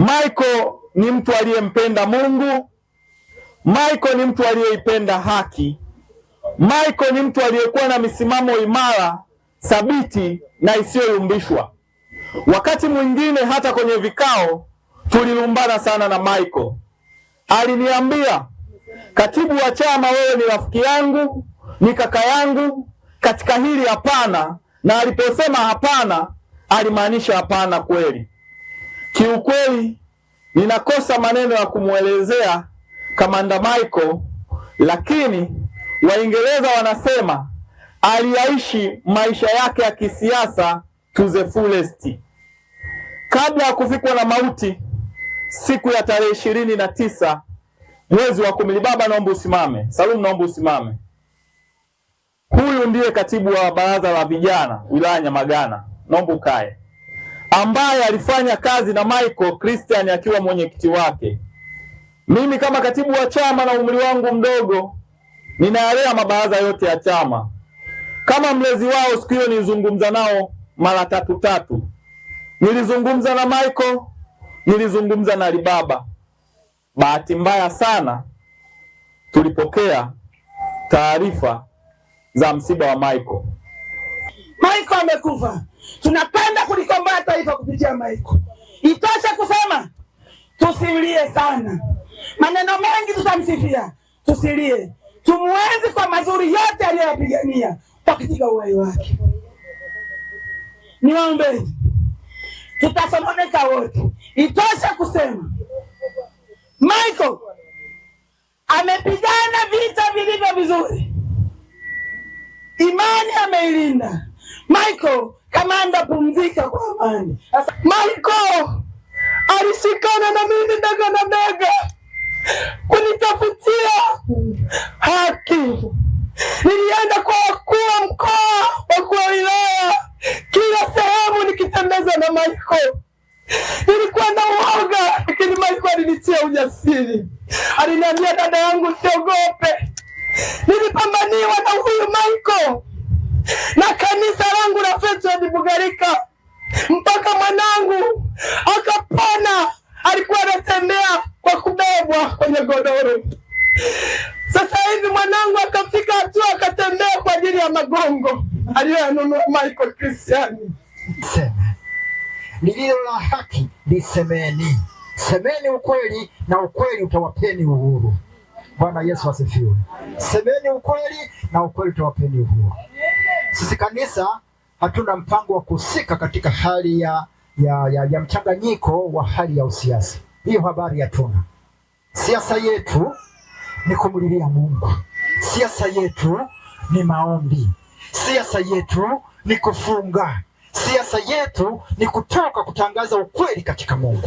Michael ni mtu aliyempenda Mungu. Michael ni mtu aliyeipenda haki. Michael ni mtu aliyekuwa na misimamo imara, thabiti na isiyoyumbishwa. Wakati mwingine hata kwenye vikao tulilumbana sana na Michael. Aliniambia, katibu wa chama, wewe ni rafiki yangu, ni kaka yangu, katika hili hapana. Na aliposema hapana, alimaanisha hapana kweli. Kiukweli ninakosa maneno ya kumwelezea Kamanda Michael, lakini Waingereza wanasema aliyaishi maisha yake ya kisiasa to the fullest. Kabla ya kufikwa na mauti siku ya tarehe ishirini na tisa mwezi wa kumi. Baba, naomba usimame. Salum, naomba usimame. Huyu ndiye katibu wa baraza la vijana wilaya Nyamagana, naomba ukae ambaye alifanya kazi na Michael Christian akiwa mwenyekiti wake. Mimi kama katibu wa chama na umri wangu mdogo, ninayalea mabaraza yote ya chama kama mlezi wao. Siku hiyo nilizungumza nao mara tatu tatu, nilizungumza na Michael, nilizungumza na libaba Bahati mbaya sana tulipokea taarifa za msiba wa Michael. Maiko amekufa. Tunapenda kulikomboa taifa kupitia Maiko. itoshe kusema tusilie sana, maneno mengi tutamsifia, tusilie, tumwenzi kwa mazuri yote aliyoyapigania kwa katika uhai wake. Niwaombeni, tutasononeka wote. itoshe kusema Maiko amepigana vita vilivyo vizuri, imani ameilinda Michael, kamanda pumzika kwa amani. Michael alishikana na mimi bega na bega kunitafutia haki. Nilienda kwa wakuu wa mkoa, wakuu wa wilaya, kila sehemu nikitembeza na Michael. Nilikuwa na uoga, lakini Michael alinitia ujasiri, aliniambia dada yangu, siogope. Nilipambaniwa na huyu Michael na kanisa langu la Faithward Bugarika, mpaka mwanangu akapona. Alikuwa anatembea kwa kubebwa kwenye godoro, sasa hivi mwanangu akafika hatua akatembea kwa ajili ya magongo aliyoyanunua Michael Christian. Lililo la haki lisemeni, semeni ukweli na ukweli utawapeni uhuru. Bwana Yesu asifiwe. Semeni ukweli na ukweli utawapeni uhuru. Sisi kanisa hatuna mpango wa kuhusika katika hali ya, ya, ya, ya mchanganyiko wa hali ya usiasa. Hiyo habari hatuna. Siasa yetu ni kumlilia Mungu. Siasa yetu ni maombi. Siasa yetu ni kufunga. Siasa yetu ni kutoka kutangaza ukweli katika Mungu.